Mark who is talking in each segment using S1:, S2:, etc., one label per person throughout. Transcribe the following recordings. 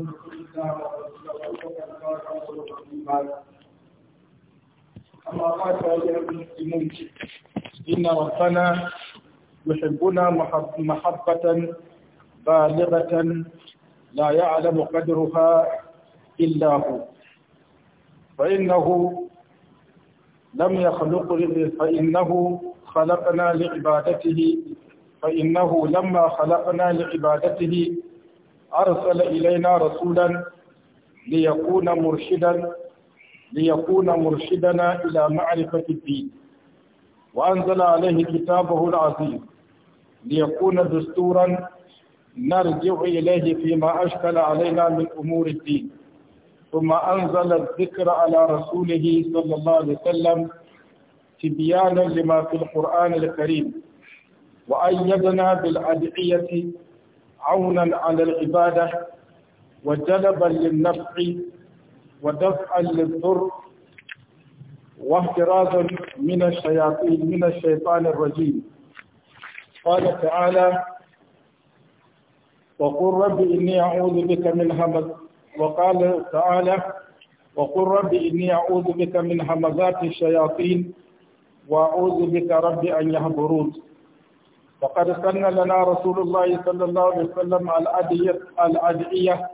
S1: إن ربنا يحبنا محبة بالغة لا يعلم قدرها إلا هو فإنه لم يخلق فإنه خلقنا لعبادته فإنه لما خلقنا لعبادته أرسل إلينا رسولا ليكون مرشدا ليكون مرشدنا إلى معرفة الدين وأنزل عليه كتابه العزيز ليكون دستورا نرجع إليه فيما أشكل علينا من أمور الدين ثم أنزل الذكر على رسوله صلى الله عليه وسلم تبيانا لما في القرآن الكريم وأيدنا بالأدعية عونا على العبادة وجلبا للنفع ودفعا للضر واحترازا من الشياطين من الشيطان الرجيم قال تعالى وقل رب إني أعوذ بك من همز وقال تعالى وقل رب إني أعوذ بك من همزات الشياطين وأعوذ بك رب أن يهبرون وقد سن لنا رسول الله صلى الله عليه وسلم الأدعية, الأدعية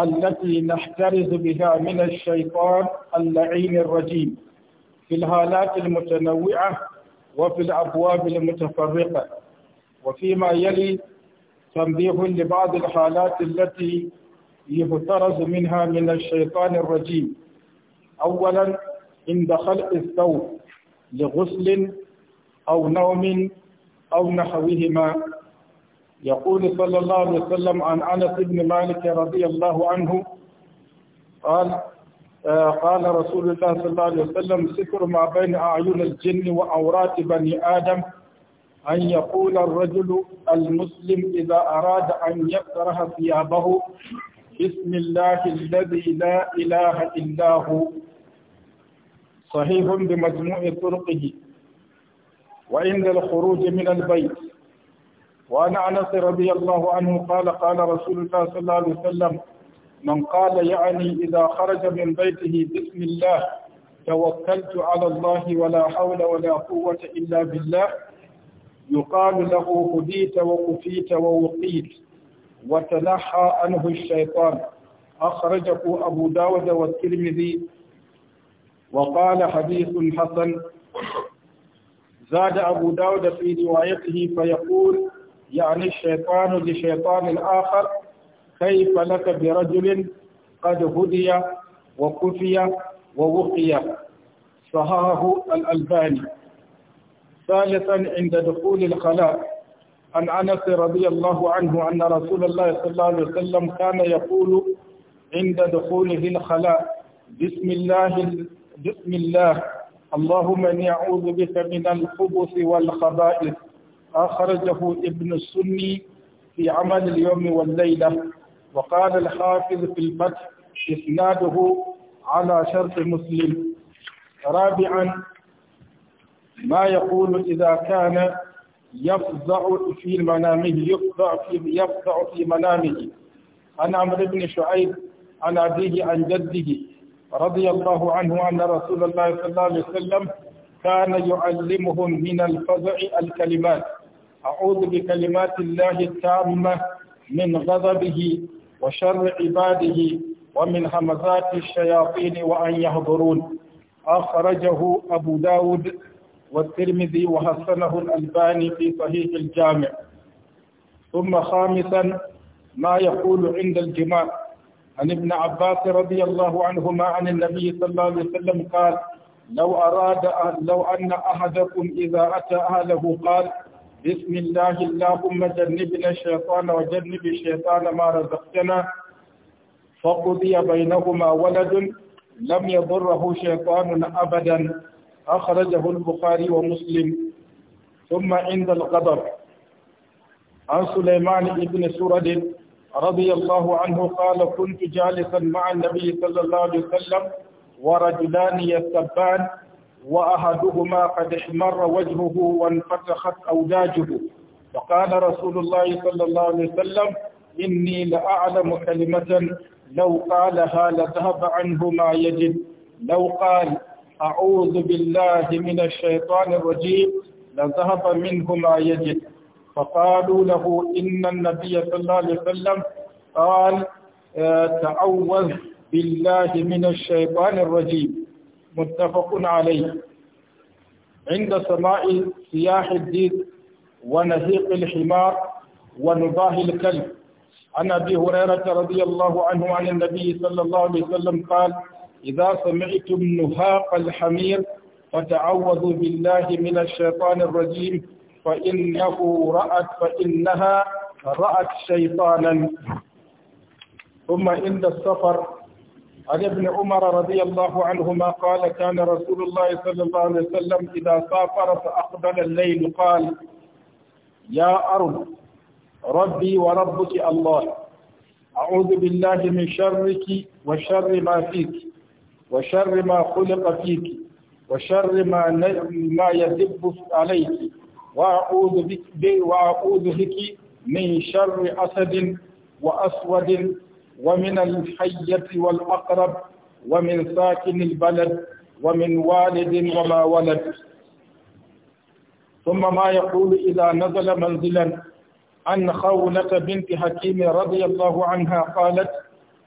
S1: التي نحترز بها من الشيطان اللعين الرجيم في الهالات المتنوعة وفي الأبواب المتفرقة وفيما يلي تنبيه لبعض الحالات التي يفترز منها من الشيطان الرجيم أولا عند خلق الثوب لغسل أو نوم أو نحوهما يقول صلى الله عليه وسلم عن أنس بن مالك رضي الله عنه قال آه، قال رسول الله صلى الله عليه وسلم سكر ما بين أعين الجن وأورات بني آدم أن يقول الرجل المسلم إذا أراد أن يكره ثيابه بسم الله الذي لا إله إلا هو صحيح بمجموع طرقه وعند الخروج من البيت وعن أنس رضي الله عنه قال قال رسول الله صلى الله عليه وسلم من قال يعني إذا خرج من بيته بسم الله توكلت على الله ولا حول ولا قوة إلا بالله يقال له هديت وكفيت ووقيت وتنحى عنه الشيطان أخرجه أبو داود والترمذي وقال حديث حسن زاد أبو داود في روايته فيقول يعني الشيطان لشيطان الآخر كيف لك برجل قد هدي وكفي ووقي صححه الألباني ثالثا عند دخول الخلاء عن أنس رضي الله عنه أن رسول الله صلى الله عليه وسلم كان يقول عند دخوله الخلاء بسم الله بسم الله اللهم اني اعوذ بك من الخبث والخبائث اخرجه ابن السني في عمل اليوم والليله وقال الحافظ في الفتح اسناده على شرط مسلم رابعا ما يقول اذا كان يفزع في منامه يفزع في يفزع في منامه عن عمرو بن شعيب عن أبيه عن جده رضي الله عنه أن رسول الله صلى الله عليه وسلم كان يعلمهم من الفزع الكلمات أعوذ بكلمات الله التامة من غضبه وشر عباده ومن همزات الشياطين وأن يهضرون أخرجه أبو داود والترمذي وحسنه الألباني في صحيح الجامع ثم خامسا ما يقول عند الجماع عن ابن عباس رضي الله عنهما عن النبي صلى الله عليه وسلم قال لو أراد أه-، لو أن أحدكم إذا أتى أهله قال بسم الله اللهم جنبنا الشيطان وجنب الشيطان ما رزقتنا فقضي بينهما ولد لم يضره شيطان أبدا أخرجه البخاري ومسلم ثم عند الغضب عن سليمان بن سرد رضي الله عنه قال كنت جالسا مع النبي صلى الله عليه وسلم ورجلان يسبان وأحدهما قد احمر وجهه وانفتخت أوداجه فقال رسول الله صلى الله عليه وسلم إني لأعلم كلمة لو قالها لذهب عنه ما يجد لو قال أعوذ بالله من الشيطان الرجيم لذهب منه ما يجد فقالوا له إن النبي صلى الله عليه وسلم قال آه، تعوذ بالله من الشيطان الرجيم متفق عليه عند سماء سياح الديد ونهيق الحمار ونضاه الكلب عن أبي هريرة رضي الله عنه عن النبي صلى الله عليه وسلم قال إذا سمعتم نهاق الحمير فتعوذوا بالله من الشيطان الرجيم فإنه رأت فإنها رأت شيطانا ثم عند السفر عن ابن عمر رضي الله عنهما قال كان رسول الله صلى الله عليه وسلم إذا سافر فأقبل الليل قال يا أرض ربي وربك الله أعوذ بالله من شرك وشر ما فيك وشر ما خلق فيك وشر ما ما يدب عليك وأعوذ بك وأعوذ بك من شر أسد وأسود ومن الحية والأقرب ومن ساكن البلد ومن والد وما ولد ثم ما يقول إذا نزل منزلا عن خولة بنت حكيم رضي الله عنها قالت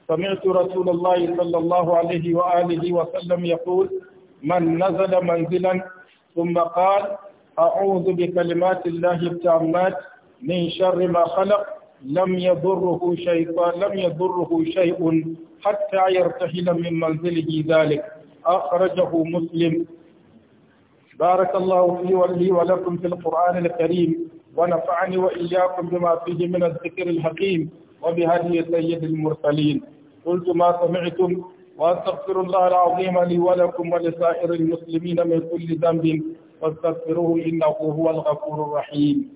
S1: سمعت رسول الله صلى الله عليه وآله وسلم يقول من نزل منزلا ثم قال أعوذ بكلمات الله التامات من شر ما خلق لم يضره شيء لم يضره شيء حتى يرتحل من منزله ذلك أخرجه مسلم بارك الله لي ولي ولكم في القرآن الكريم ونفعني وإياكم بما فيه من الذكر الحكيم وبهدي سيد المرسلين قلت ما سمعتم وأستغفر الله العظيم لي ولكم ولسائر المسلمين من كل ذنب واستغفروه إنه هو الغفور الرحيم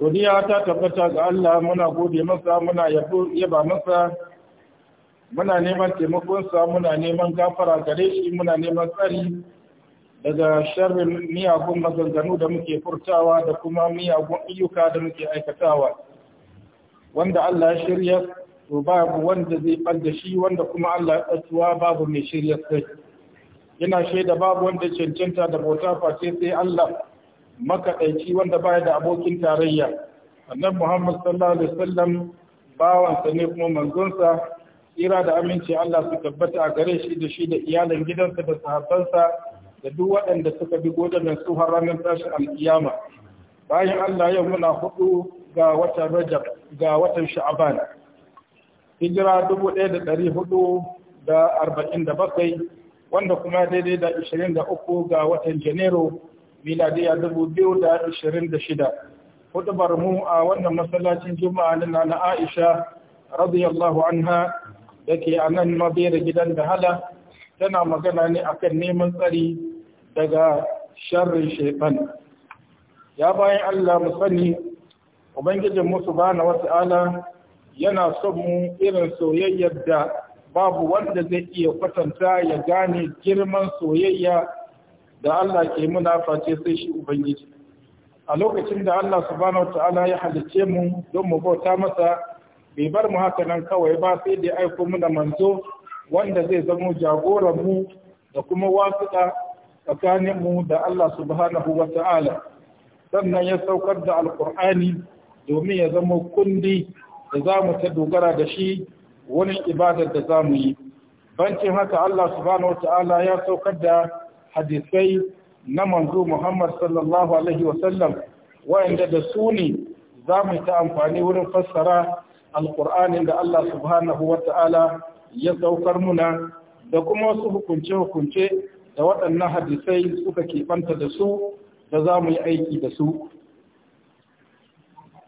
S1: godiya ta tabbata ga Allah muna gode masa muna yaba masa muna neman taimakonsa muna neman gafara gare shi muna neman tsari daga sharrin miyagun maganganu da muke furtawa da kuma miyagun ayyuka da muke aikatawa wanda Allah ya shirya to babu wanda zai balda shi wanda kuma Allah ya tsatuwa babu mai shirya sai yana shaida babu wanda cancanta da bauta face sai Allah makaɗaici wanda baya da abokin tarayya annabi Muhammad sallallahu alaihi wasallam bawansa ne kuma manzonsa tsira da aminci Allah su tabbata a gare shi da shi da iyalan gidansa da sahabbansa da duk waɗanda suka bi godanin su har ranar tashi alkiyama bayan Allah yau muna hudu ga watan Rajab ga watan Sha'aban hijira 1447 wanda kuma daidai da 23 ga watan Janairu miladiya shida hudubar mu a wannan masallacin juma'a na na Aisha radiyallahu anha ke a nan mabera gidan da hala tana magana ne a kan neman tsari daga sharrin shaitan ya bayan Allah mu sani ubangijin mu wasu ala yana son mu irin soyayyar da babu wanda zai iya kwatanta ya gane girman soyayya da Allah ke muna face sai shi Ubangiji. A lokacin da Allah subhanahu ta'ala ya halice mu don mu bauta masa bai bar mu haka nan kawai ba sai da aiko muna manzo wanda zai zamo jagoran mu da kuma wasuɗa tsakanin mu da Allah subhanahu wa ta'ala. Sannan ya saukar da Alƙur'ani domin ya zamo kundi da za mu ta dogara da shi wani ibadar da za mu yi. Bancin haka Allah subhanahu wa ta'ala ya saukar da hadisai na manzo Muhammad sallallahu alaihi wasallam wa'anda da su ne za mu ta amfani wurin fassara alƙur'anin da Allah subhanahu wa ta'ala ya saukar muna da kuma wasu hukunce-hukunce da waɗannan hadisai suka keɓanta da su da za mu yi aiki da su.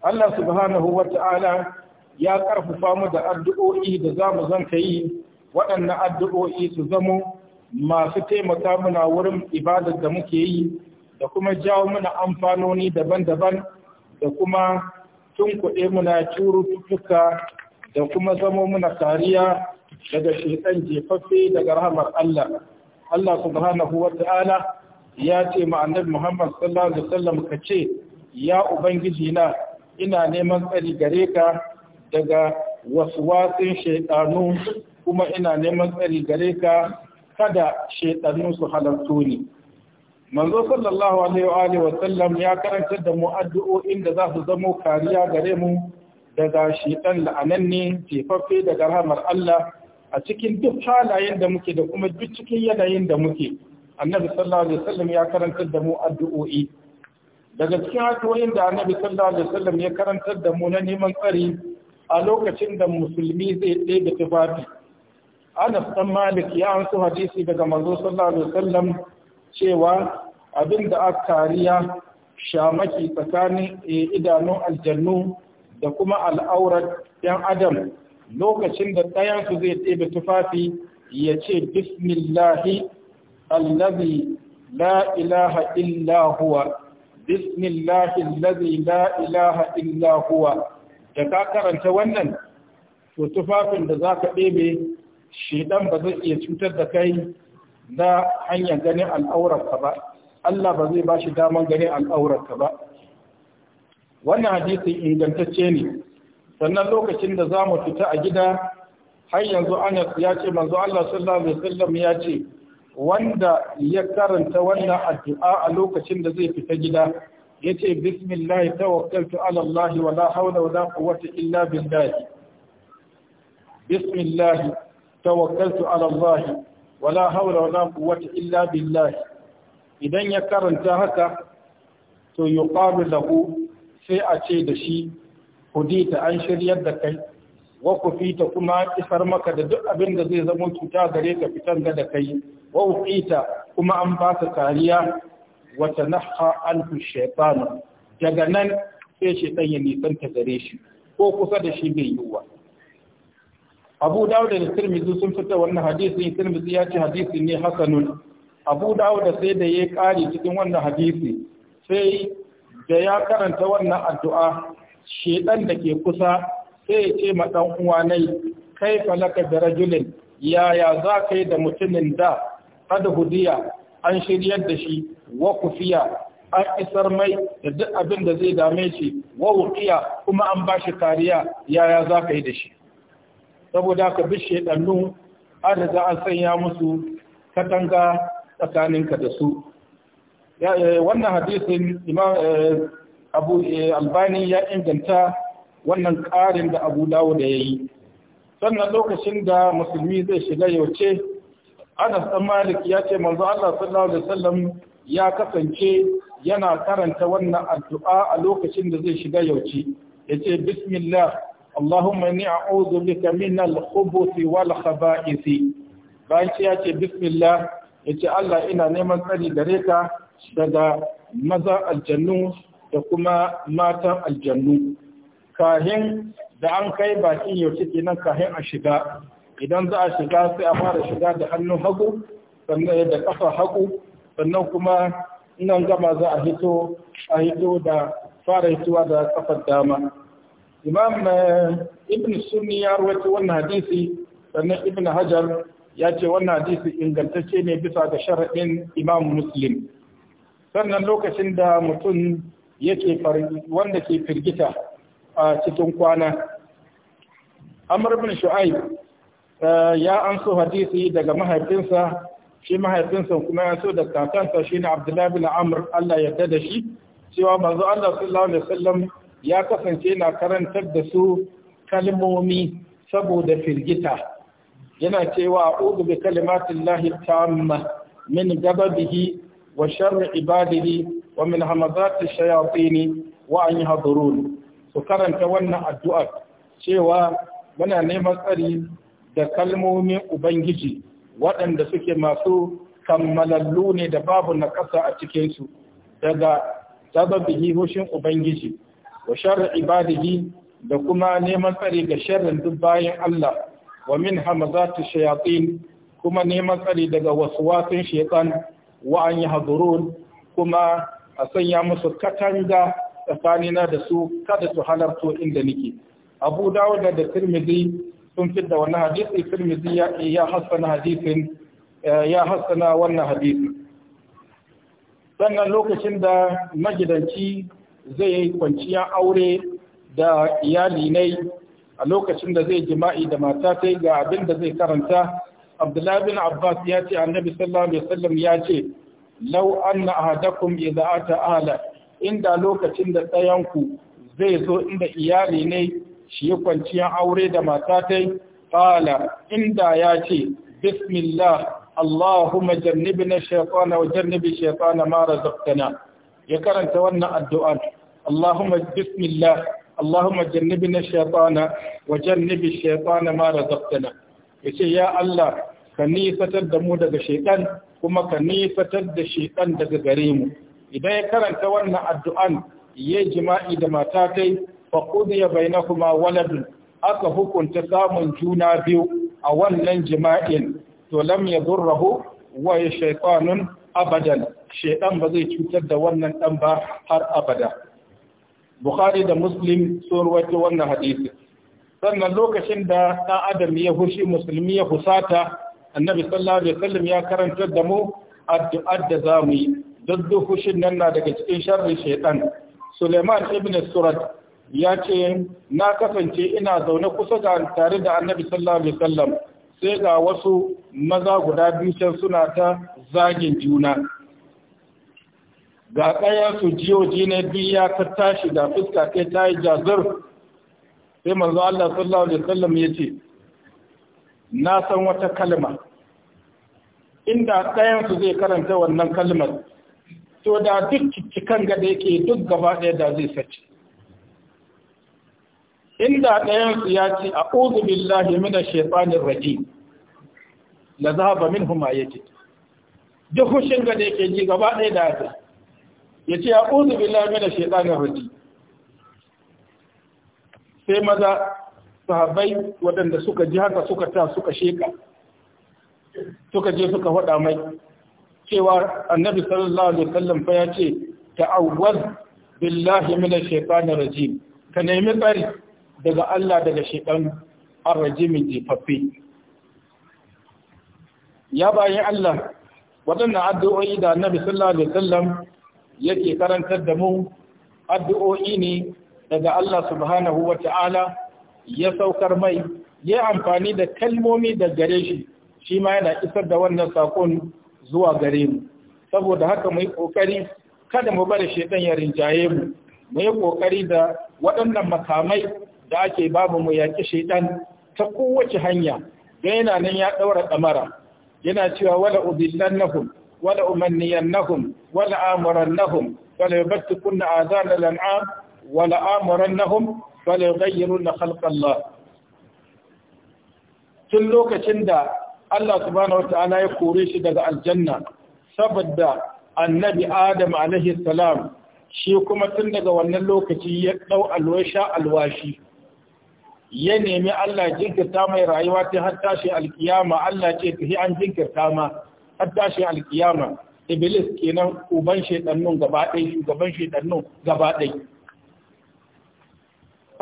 S1: Allah subhanahu wa ta'ala ya ƙarfafa mu da addu'o'i da za mu zanka yi waɗannan addu'o'i su zamo masu taimaka muna wurin ibadar da muke yi da kuma jawo muna amfanoni daban-daban da kuma tun kuɗe muna cututtuka da kuma zamo muna kariya daga shekan jefaffe daga rahamar Allah. Allah subhanahu wa ta'ala ya ce ma'anar Muhammad sallallahu alaihi wasallam ka ce ya ubangiji na ina neman tsari gare ka daga wasu watsin shaiɗanu kuma ina neman tsari gare ka kada shaidannu su halarto ni manzo sallallahu alaihi wa sallam ya karantar da mu'adduo'in da za su zamo kariya gare mu daga shaidan la'ananne jefaffe daga rahamar Allah a cikin duk halayen da muke da kuma duk cikin yanayin da muke annabi sallallahu alaihi wa sallam ya karantar da mu'adduo'i. daga cikin addu'o'in da annabi sallallahu alaihi wa sallam ya karantar da mu na neman tsari a lokacin da musulmi zai ɗebe tufafi Anas dan Malik ya ansu hadisi daga manzo sallallahu alaihi wasallam cewa abinda aka kariya shamaki tsakanin eh, idanun aljannu da kuma al'aurar ‘yan adam lokacin da ɗayansu zai ɗebe tufafi ya ce bismillahi allazi la ilaha illa huwa bismillahi allazi la ilaha illa huwa da ka karanta wannan to tufafin da za ka ɗebe shedan ba zai iya cutar da kai na hanyar ganin al'aurarka ba Allah ba zai ba shi daman ganin al'aurarka ba wannan hadisin ingantacce ne sannan lokacin da za mu fita a gida har yanzu anas ya ce manzo Allah sallallahu alaihi wasallam ya ce wanda ya karanta wannan addu'a a lokacin da zai fita gida yace bismillah tawakkaltu ala Allah wa la hawla wa la quwwata illa billah bismillah tawakkaltu ala Allah wala haula wala quwwata illa billah idan ya karanta haka to yuqalu lahu sai a ce da shi hudita an shiryar da kai wa kufita kuma isar maka da duk abin da zai zama cuta gare ka fitan da da kai wa uqita kuma an ba ka kariya wa tanahha anhu shaytan daga nan sai shaytan ya nisanta gare shi ko kusa da shi bai yiwuwa abu dawud da tirmidhi sun fita wannan hadisi tirmidhi ya ce hadisi ne hasanun abu dawud sai da ya kare cikin wannan hadisi sai da ya karanta wannan addu'a shedan da ke kusa sai ya ce ma dan uwa nai kai falaka da rajulin yaya za ka yi da mutumin da kada hudiya an shiryar da shi wa kufiya an isar mai da duk abin da zai dame shi wa wuqiya kuma an ba shi kariya yaya za ka yi da shi saboda ka bi shaidannu an riga an sanya musu katanga tsakaninka da su eh, wannan hadisin imam eh, abu eh, albani ya inganta wannan ƙarin da abu dawo da ya yi sannan lokacin da musulmi zai shiga yauce anas dan malik ya ce manzo Allah sallallahu alaihi wasallam ya kasance yana karanta wannan addu'a a lokacin da zai shiga yauce yace bismillah اللهم إني أعوذ بك من الخبث والخبائث bayan ce ya ce bismillah ya ce Allah ina neman tsari gare ka daga maza aljannu da kuma matan aljannu kahin da an kai bakin yaushe kenan kahin a shiga idan za a shiga sai a fara shiga da hannun hagu sannan da kafa hagu sannan kuma nan gama za a hito a hito da fara hitowa da kafar dama imam eh, ibn sunni ya rawaito wannan hadisi sannan ibn hajar ya ce wannan hadisi ingantacce ne bisa ga sharaɗin imam muslim sannan lokacin da mutum yake wanda ke firgita a cikin kwana amr ibn shu'aib eh, ya anso hadisi daga mahaifinsa shi mahaifinsa kuma ya so da kakansa shine abdullahi bin amr Allah ya da shi cewa manzo Allah sallallahu alaihi wasallam ya kasance na karantar da su kalmomi saboda firgita yana cewa a'udhu bi kalimatin lahi tamma min gababihi wa sharri ibadihi wa min hamazati ne wa an yi yahdurun su karanta wannan addu'ar cewa muna neman tsari da kalmomin ubangiji waɗanda suke masu kammalallu ne da babu na a cikinsu daga sababihi hushin ubangiji wa sharri ibadihi da kuma neman tsare ga sharrin duk bayan Allah wa min hamazati shayatin kuma neman tsare daga waswasin shaytan wa an yahdurun kuma a sanya musu katanga tsakanina da su kada su halarto inda nake Abu Dawud da Tirmidhi sun fidda wannan hadisi Tirmidhi ya ya hasana hadisin eh, ya hasana wannan hadisi sannan lokacin da magidanci zai yi kwanciyar aure da iyali ne a lokacin da zai jima'i da mata ta ga abin da zai karanta abdullahi bin abbas ya ce annabi sallallahu alaihi wasallam ya ce law anna ahadakum idza ata ala inda lokacin da tsayanku zai zo inda iyali ne shi yi kwanciyar aure da mata ta inda ya ce bismillah allahumma jannibna shaytana wa jannibi shaytana ma razaqtana ya karanta wannan addu'an Allahumma bismillah Allahumma jannibna shaytana wa jannibi shaytana ma razaqtana yace ya Allah ka nisatar da mu daga shaiɗan, kuma ka nisatar da shaiɗan daga gare mu idan ya karanta wannan addu'an yayi jima'i da mata kai bai na kuma waladun aka hukunta samun juna biyu a wannan jima'in to lam yadurruhu wa shafanun. abadan shaidan ba zai cutar da wannan dan ba har abada bukhari da muslim sun rawaito wannan hadisi sannan lokacin da ɗan adam ya hushi musulmi ya husata annabi sallallahu alaihi wasallam ya karantar da mu addu'a da zamu yi duk hushin nan na daga cikin sharri shaidan suleiman ibn surat ya ce na kasance ina zaune kusa ga tare da annabi sallallahu alaihi wasallam sai ga wasu maza guda biyu can suna ta zagin juna ga ɗaya su jiyoji na biyu ya tashi da fuska kai ta yi jazar sai manzo Allah sallallahu alaihi wasallam ya ce na san wata kalma inda ɗayan su zai karanta wannan kalmar to da duk cikin gada yake duk gaba ɗaya da zai sace inda ɗayan su ya ce a'udhu billahi minash shaitanir rajim la zahaba minhum ma yajid duk hushin ga da yake ji gaba ɗaya da Ya ce ya yace Lami billahi minash shaitanir rajim sai maza sahabbai waɗanda suka ji haka suka ta suka sheka suka je suka faɗa mai cewa annabi sallallahu alaihi wasallam fa ya ce ta'awwaz billahi minash shaitanir rajim ka nemi tsari daga Allah daga shaitan ar-rajim jifaffe ya bayan Allah waɗannan addu'o'i da annabi sallallahu alaihi wasallam yake karantar da mu addu'o'i ne daga Allah subhanahu wa ta'ala ya saukar mai ya amfani da kalmomi da gare shi shi ma yana isar da wannan saƙon zuwa gare mu saboda haka mu yi ƙoƙari kada mu bari shaitan ya rinjaye mu mu yi ƙoƙari da waɗannan makamai da ake babu mu yaƙi shaitan ta kowace hanya ga yana nan ya ɗaura ɗamara yana cewa wala udillannahum wala umanniyannahum wala amurannahum wala yubattikunna azana al'am wala amurannahum wala yughayyirunna na Allah tun lokacin da Allah subhanahu wata'ala ya kore shi daga aljanna saboda annabi Adam alaihi salam shi kuma tun daga wannan lokaci ya dau alwasha alwashi ya nemi Allah jinkirta mai rayuwa ta har tashi alkiyama Allah ce ta an jinkirta ma har tashi alkiyama iblis kenan uban shedannun gaba ɗaya shugaban shedannun gaba ɗaya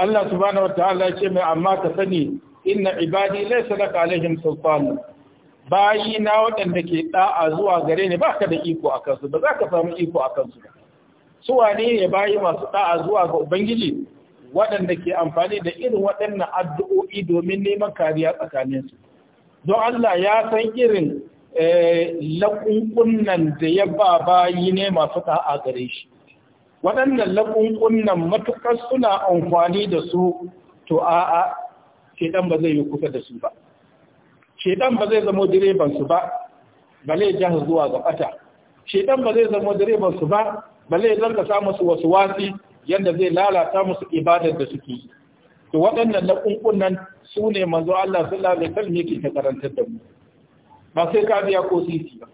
S1: Allah subhanahu wataala ya ce mai amma ka sani inna ibadi laysa laka alaihim sultan bayi na waɗanda ke da'a zuwa gare ni baka da iko akan su ba za ka samu iko akan su ba su wane ne bayi masu da'a zuwa ga ubangiji waɗanda ke amfani da irin waɗannan addu'o'i domin neman kariya tsakaninsu don Allah ya san irin eh, laƙunƙunan da ya ba bayi ne masu ta'a gare shi waɗannan laƙunƙunan matuƙar suna amfani da su to a'a shedan ba zai yi kusa da su ba shedan ba zai zama direban su ba bale jaha zuwa ga ɓata shedan ba zai zama direban su ba bale zanga samu su wasu wasi yadda zai lalata musu ibadar da suke yi to waɗannan na kunkunan su ne manzo Allah sallallahu alaihi wasallam yake ta karantar da mu ba sai ka biya ko sisi ba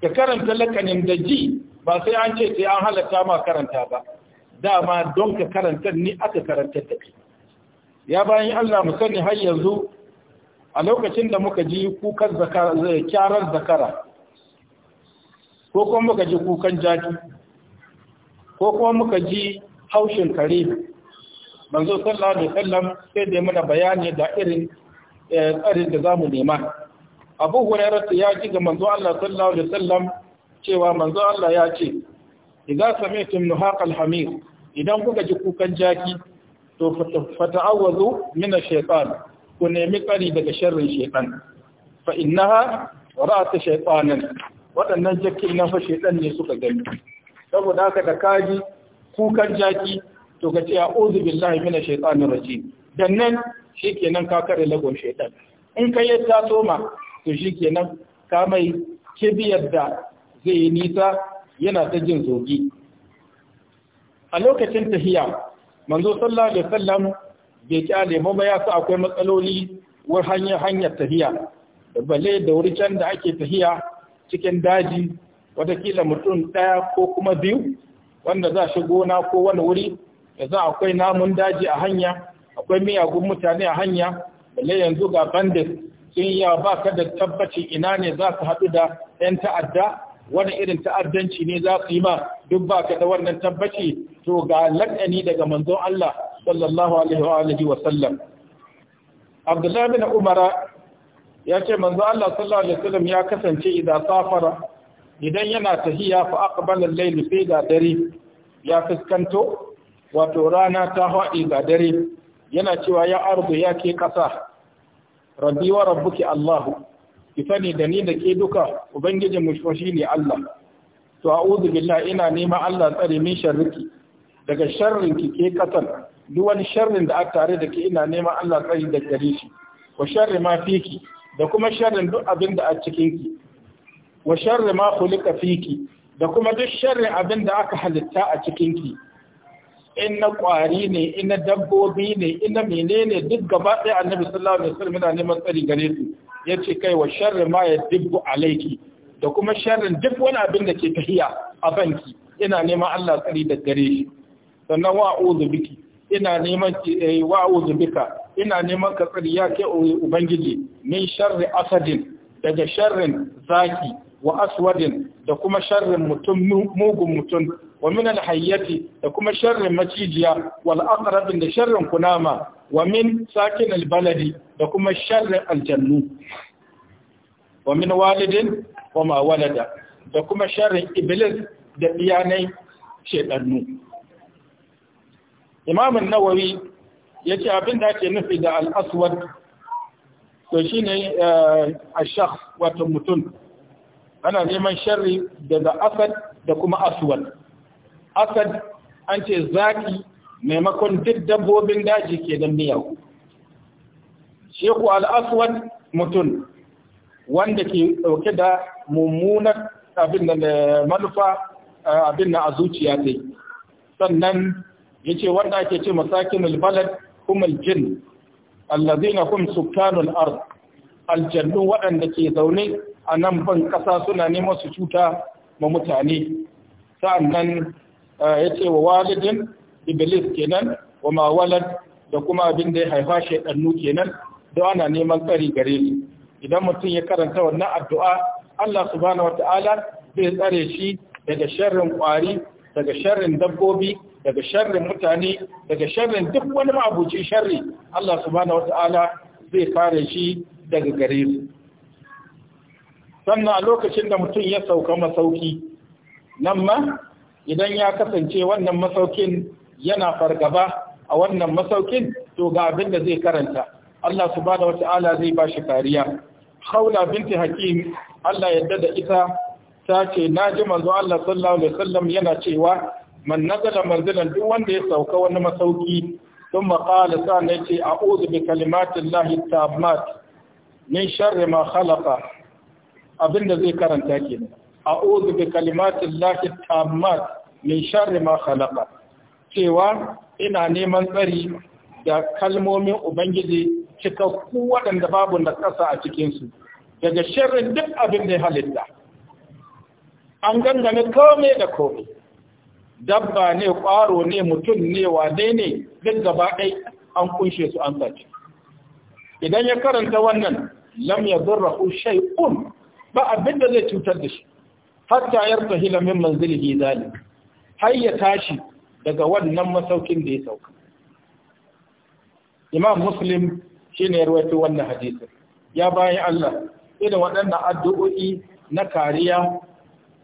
S1: ka karanta lakanin da ji ba sai an ce sai an halatta ma karanta ba dama don ka karanta ni aka karantar da kai ya bayan Allah mu sani har yanzu a lokacin da muka ji kukan zakara eh, kyarar zakara ko kuma muka ji kukan jaki ko kuma muka ji haushin kare manzo sallallahu alaihi wasallam sai da mana bayani da irin eh, tsarin da zamu nema Abu Hurairah ya ji ga manzo Allah sallallahu alaihi wasallam cewa manzo Allah ya ce idza sami'tum nuhaq al-hamir idan kuka ji kukan jaki to fata'awwazu min ash-shaytan ku nemi tsari daga sharrin shaytan fa innaha ra'at shaytanan Waɗannan jakin na fa shaytan ne suka gani saboda haka da kaji kukan jaki to ka ce a ozu billahi mina shaitanin rajim dan nan shi kenan ka kare lagon shaitan in ka yi ta soma to shi kenan ka mai kibiyar da zai yi nisa yana ta jin zogi a lokacin tahiya manzo sallallahu alaihi wasallam bai kyale ba ya sa akwai matsaloli war hanyar hanyar tahiya da balle da wuri can da ake tahiya cikin daji watakila mutum ɗaya ko kuma biyu wanda za shi gona ko wani wuri da za akwai namun daji a hanya akwai miyagun mutane a hanya balle yanzu ga bandit sun yi ba ka da tabbaci ina ne za ka haɗu da 'yan ta'adda wani irin ta'addanci ne za su yi ma duk ba ka da wannan tabbaci to ga lakani daga manzon Allah sallallahu alaihi wa sallam Abdullahi bin Umara ya ce manzo Allah sallallahu alaihi wa sallam ya kasance idan safara idan yana tahiya fa aqbala al-layl fi ga dare ya fuskanto wato rana ta haɗi ga dare yana cewa ya ardu ya ke ƙasa rabbi wa rabbuki Allah ki da ni da ke duka ubangijin mu shi ne Allah to a'udhu billahi ina nema Allah tsare min sharriki daga sharrin ki ke ƙasar duk wani sharrin da aka tare da ki ina nema Allah tsare daga gare shi wa sharri ma fiki da kuma sharrin duk abinda a cikin ki wa sharri ma khuliqa fiki da kuma duk sharri abin da aka halitta a cikin ki in kwari ne in na dabbobi ne in na menene duk gaba ɗaya annabi sallallahu alaihi wasallam yana neman tsari gare su yace kai wa sharri ma ya dibbu alaiki da kuma sharrin duk wani abin da ke tahiya a banki ina neman Allah tsari da gare shi sannan wa a'udhu biki ina neman eh, wa a'udhu bika ina neman ka tsari ya ke eh, ubangiji min sharri asadin daga sharrin zaki wa aswadin da kuma sharrin mutum mugun mutum wa min alhayyati da kuma sharrin macijiya wal da sharrin kunama wa min sakin albaladi da kuma sharrin aljannu wa min walidin wa ma walada da kuma sharrin iblis da iyanai shedannu imam an-nawawi yace abin da ake nufi da al-aswad to shine eh, a shakhs wato mutum ana neman sharri daga asad da kuma aswad asad an ce zaki maimakon duk dabbobin daji ke da miyau sheku al'aswad mutum wanda ke dauke da mummunar abin da manufa abin na a zuciya dai sannan ya ce wanda ake ce masakin albalad kuma jin allazina hum sukkanul ard aljannu waɗanda ke zaune a nan ban kasa suna neman su cuta ma mutane sa'annan eh, ya ce wa walidin iblis kenan wa mawalar da kuma abin da ya haifa shaidannu kenan da ana neman tsari gare su idan mutum ya karanta wannan addu'a Allah subhanahu Ta'ala, zai tsare shi daga sharrin ƙwari daga sharrin dabbobi daga sharrin mutane daga sharrin duk wani mabuci sharri Allah subhanahu Ta'ala, zai fara shi daga gare su sannan a lokacin da mutum ya sauka masauki nan ma idan ya kasance wannan masaukin yana fargaba a wannan masaukin to ga abin da zai karanta Allah subhanahu wata'ala zai ba shi kariya haula binti Hakim Allah yadda da ita ta ce na ji manzo Allah sallallahu alaihi wasallam yana cewa man nazala manzilan duk wanda ya sauka wani masauki ثم قال سان ce a'udhu bi kalimatillahi tammat min sharri ma khalaqa Abin da zai karanta ke ozu bi kalimatin lahi tamar min share ma halaka cewa ina neman tsari da kalmomin ubangiji cikakku waɗanda babu na ƙasa a cikinsu daga shirin duk abin da ya halitta an gangane kome da kome dabba ne ƙwaro ne mutum ne wane ne duk gaba ɗai an kunshe su an sace idan ya karanta wannan lam ya zurra shay'un ba abin da zai cutar da shi hatta 'yar sahila min manzilihi zalik har ya tashi daga wannan masaukin da ya sauka imam muslim shine ya wannan hadisi ya bayan Allah irin waɗannan addu'o'i na kariya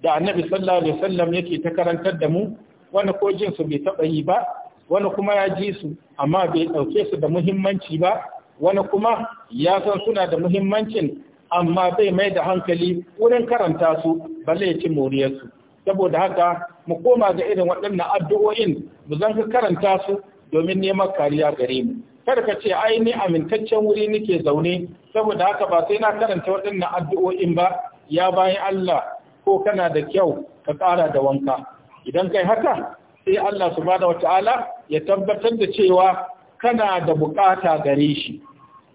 S1: da annabi sallallahu alaihi wasallam yake ta karantar da mu wani ko jin su bai taɓa yi ba wani kuma ya ji su amma bai ɗauke su da muhimmanci ba wani kuma ya san suna da muhimmancin amma zai mai da hankali wurin karanta su balle ya ci moriyarsu saboda haka mu koma ga irin waɗannan addu'o'in mu zan karanta su domin neman kariya gare mu kada ka ce ai ni amintaccen wuri nake zaune saboda haka ba sai na karanta waɗannan addu'o'in ba ya bayan Allah ko kana da kyau ka ƙara da wanka idan kai haka sai Allah su wata wata'ala ya tabbatar da cewa kana da buƙata gare shi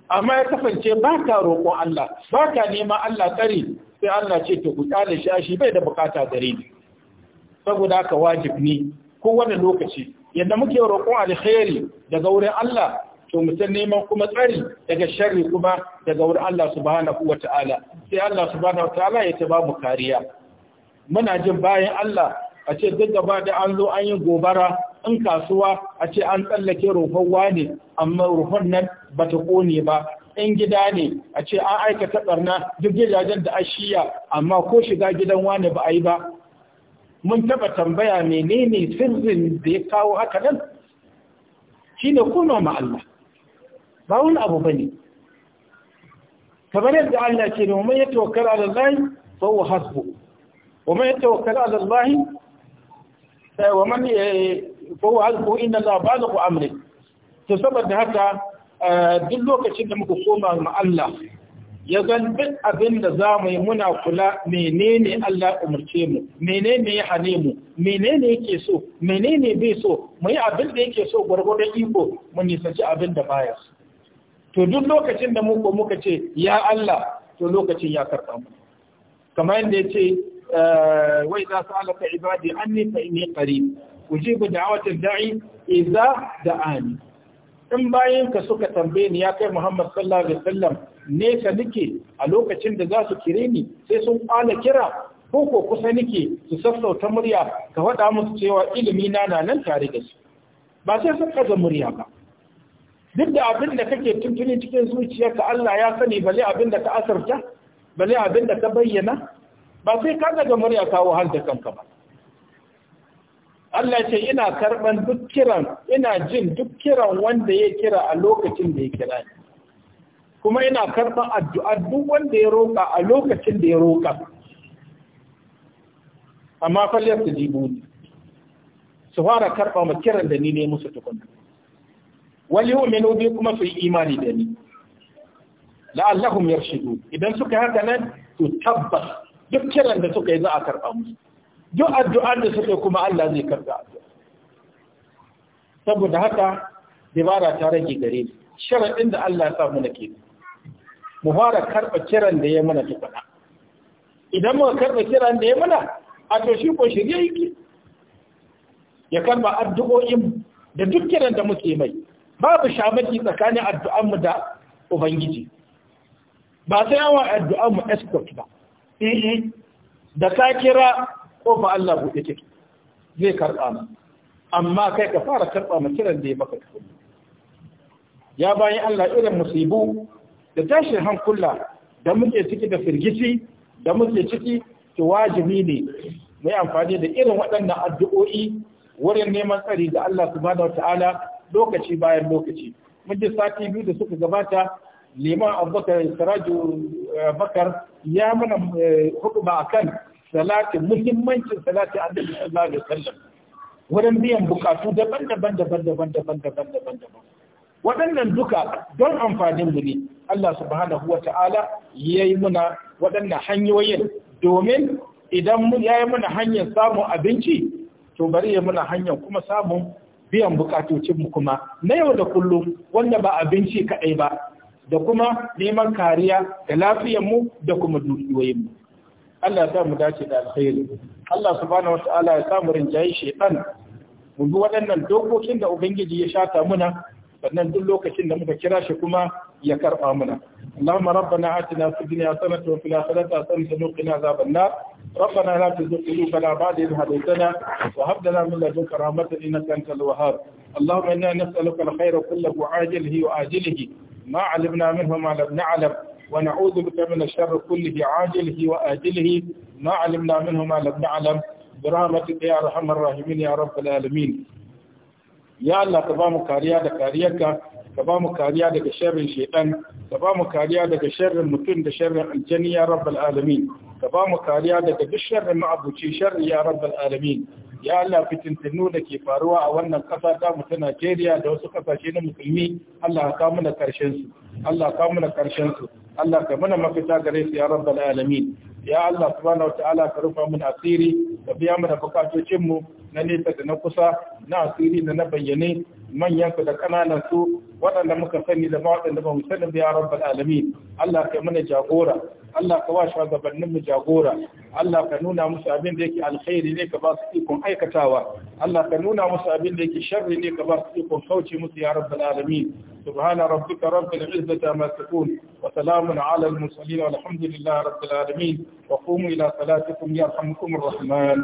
S1: amma ya kasance ba ka roƙon Allah ba ka neman Allah tsari sai Allah ce ta ku da shashi, bai da bukata gare ni saboda haka wajib ne ko lokaci yadda muke roƙon alheri daga wurin Allah to mu san neman kuma tsari daga sharri kuma daga wurin Allah subhanahu wataala sai Allah subhanahu wataala ya ta ba mu kariya muna jin bayan Allah a ce duk ba da an zo an yi gobara in kasuwa a ce an tsallake rufon ne amma rufon nan ba ta ƙone ba in gida ne a ce an aikata ɓarna duk gidajen da a shiya amma ko shiga gidan wane ba a yi ba mun taɓa tambaya menene sirrin da ya kawo haka nan shine kuma ma Allah ba wani abu bane kamar yadda Allah ke ne wa ya tawakkala ala Allah fa huwa hasbu wa man yatawakkala ala Allah wa man fawo alku inna Allah balagu amri to saboda haka eh, duk lokacin da muka koma ma Allah ya zan duk abin da za mu yi muna kula menene Allah umarce mu menene ya hane mu menene yake so menene bai so mu yi abin da yake so gwargwadon iko mu nisanci abin da baya to duk lokacin da muka muka ce ya Allah to lokacin ya karɓa mu kamar yadda ya ce eh, wai za su alaka ibadi anni fa inni qarib ujibu da'awatul da'i idza da'ani in bayan ka suka tambaye ni ya kai Muhammad sallallahu alaihi wasallam ne ka nike a lokacin da za su kire ni sai sun kwala kira ko ko kusa nike su sassauta murya ka faɗa musu cewa ilimi na na nan tare da su ba sai sun kaza murya ba duk da abin da kake tuntuni cikin zuciyarka Allah ya sani bale abin da ka asarta bale abin da ka bayyana ba sai ka daga murya kawo hal da kanka ba Allah ce ina karɓan duk kiran ina jin duk kiran wanda ya kira a lokacin da ya kira ni kuma ina karɓan addu'a duk wanda ya roƙa a lokacin da ya roƙa. amma fa liyar su jibu su fara karɓa ma kiran da ni ne musu tukunna wali yu'minu bi kuma su yi imani da ni la'allahum yarshidu idan suka haka nan to tabbas duk kiran da suka yi za a karɓa musu duk addu'ar da suke kuma Allah zai karɓi addu’ar. saboda haka dabara ta rage gare ni sharaɗin da Allah ya sa mana ke mu fara karɓa kiran da ya mana tukuna idan muka karɓa kiran da ya mana a to shi ko shirye yake ya karɓa addu'o'in da duk kiran da muke mai babu shamaki tsakanin addu'anmu da ubangiji ba sai yawan addu’anmu escort ba eh, eh. da ka kira ko ba Allah buɗe ciki zai karɓa mu. amma kai ka fara karɓa ma kiran da ya baka tukuni ya bayan Allah irin musibu da tashin hankula da muke ciki da firgici da muke ciki to wajibi ne mai amfani da irin waɗannan addu'o'i wurin neman tsari da Allah subhanahu ta'ala lokaci bayan lokaci mun ji sati biyu da suka gabata liman abubakar eh, bakar ya mana eh, hukuma akan salati muhimmancin salati annabi sallallahu alaihi wasallam wurin biyan bukatu daban-daban daban-daban daban-daban daban-daban waɗannan duka don amfanin mu ne Allah subhanahu wa ta'ala yayi muna waɗannan hanyoyin domin idan mun yayi muna hanyar samun abinci to bari ya muna hanyar kuma samun biyan mu kuma na yau da kullum wanda ba abinci kaɗai ba da kuma neman kariya da mu da kuma dukiyoyinmu Allah ya mu dace da alkhairi Allah subhanahu wataala ya samu rinjaye shedan mun bi waɗannan dokokin da ubangiji ya sha ta muna sannan duk lokacin da muka kira shi kuma ya karba muna Allahumma rabbana atina fid dunya hasanatan wa fil akhirati hasanatan wa qina azaban nar ربنا لا تزغ قلوبنا بعد إذ هديتنا وهب لنا من لدنك رحمة إنك أنت الوهاب اللهم إنا نسألك الخير كله عاجله وآجله ما علمنا منه ما لم نعلم ونعوذ بك من الشر كله عاجله وآجله ما علمنا منه ما لم نعلم برحمتك يا أرحم الراحمين يا رب العالمين ya Allah ka ba mu kariya da kariyarka ka ba kariya daga sharrin shaitan ka ba mu kariya daga sharrin mutum da sharrin aljani ya rabbal alamin ka ba kariya daga duk sharrin ma'abuci sharri ya rabbal alamin ya Allah fitintinu ke faruwa a wannan ƙasa ta mu ta Najeriya da wasu ƙasashe na musulmi Allah ka kawo su Allah ka mana mafita gare su ya rabbal alamin ya Allah subhanahu wataala ka rufa mun asiri ka biya mana bukatocin mu na nesa da na kusa na asiri da na bayyane manyan da kananan su waɗanda muka sani da waɗanda ba mu sani ya rabbal alamin Allah ka mana jagora Allah ka ba shugabannin mu jagora Allah ka nuna musu abin da yake alkhairi ne ka ba su ikon aikatawa Allah ka nuna musu abin da yake sharri ne ka ba su ikon kauce musu ya rabbal alamin subhana rabbika rabbil izzati amma yasifun wa salamun ala al mursalin walhamdulillahi rabbil alamin wa qumu ila salatikum yarhamukumur rahman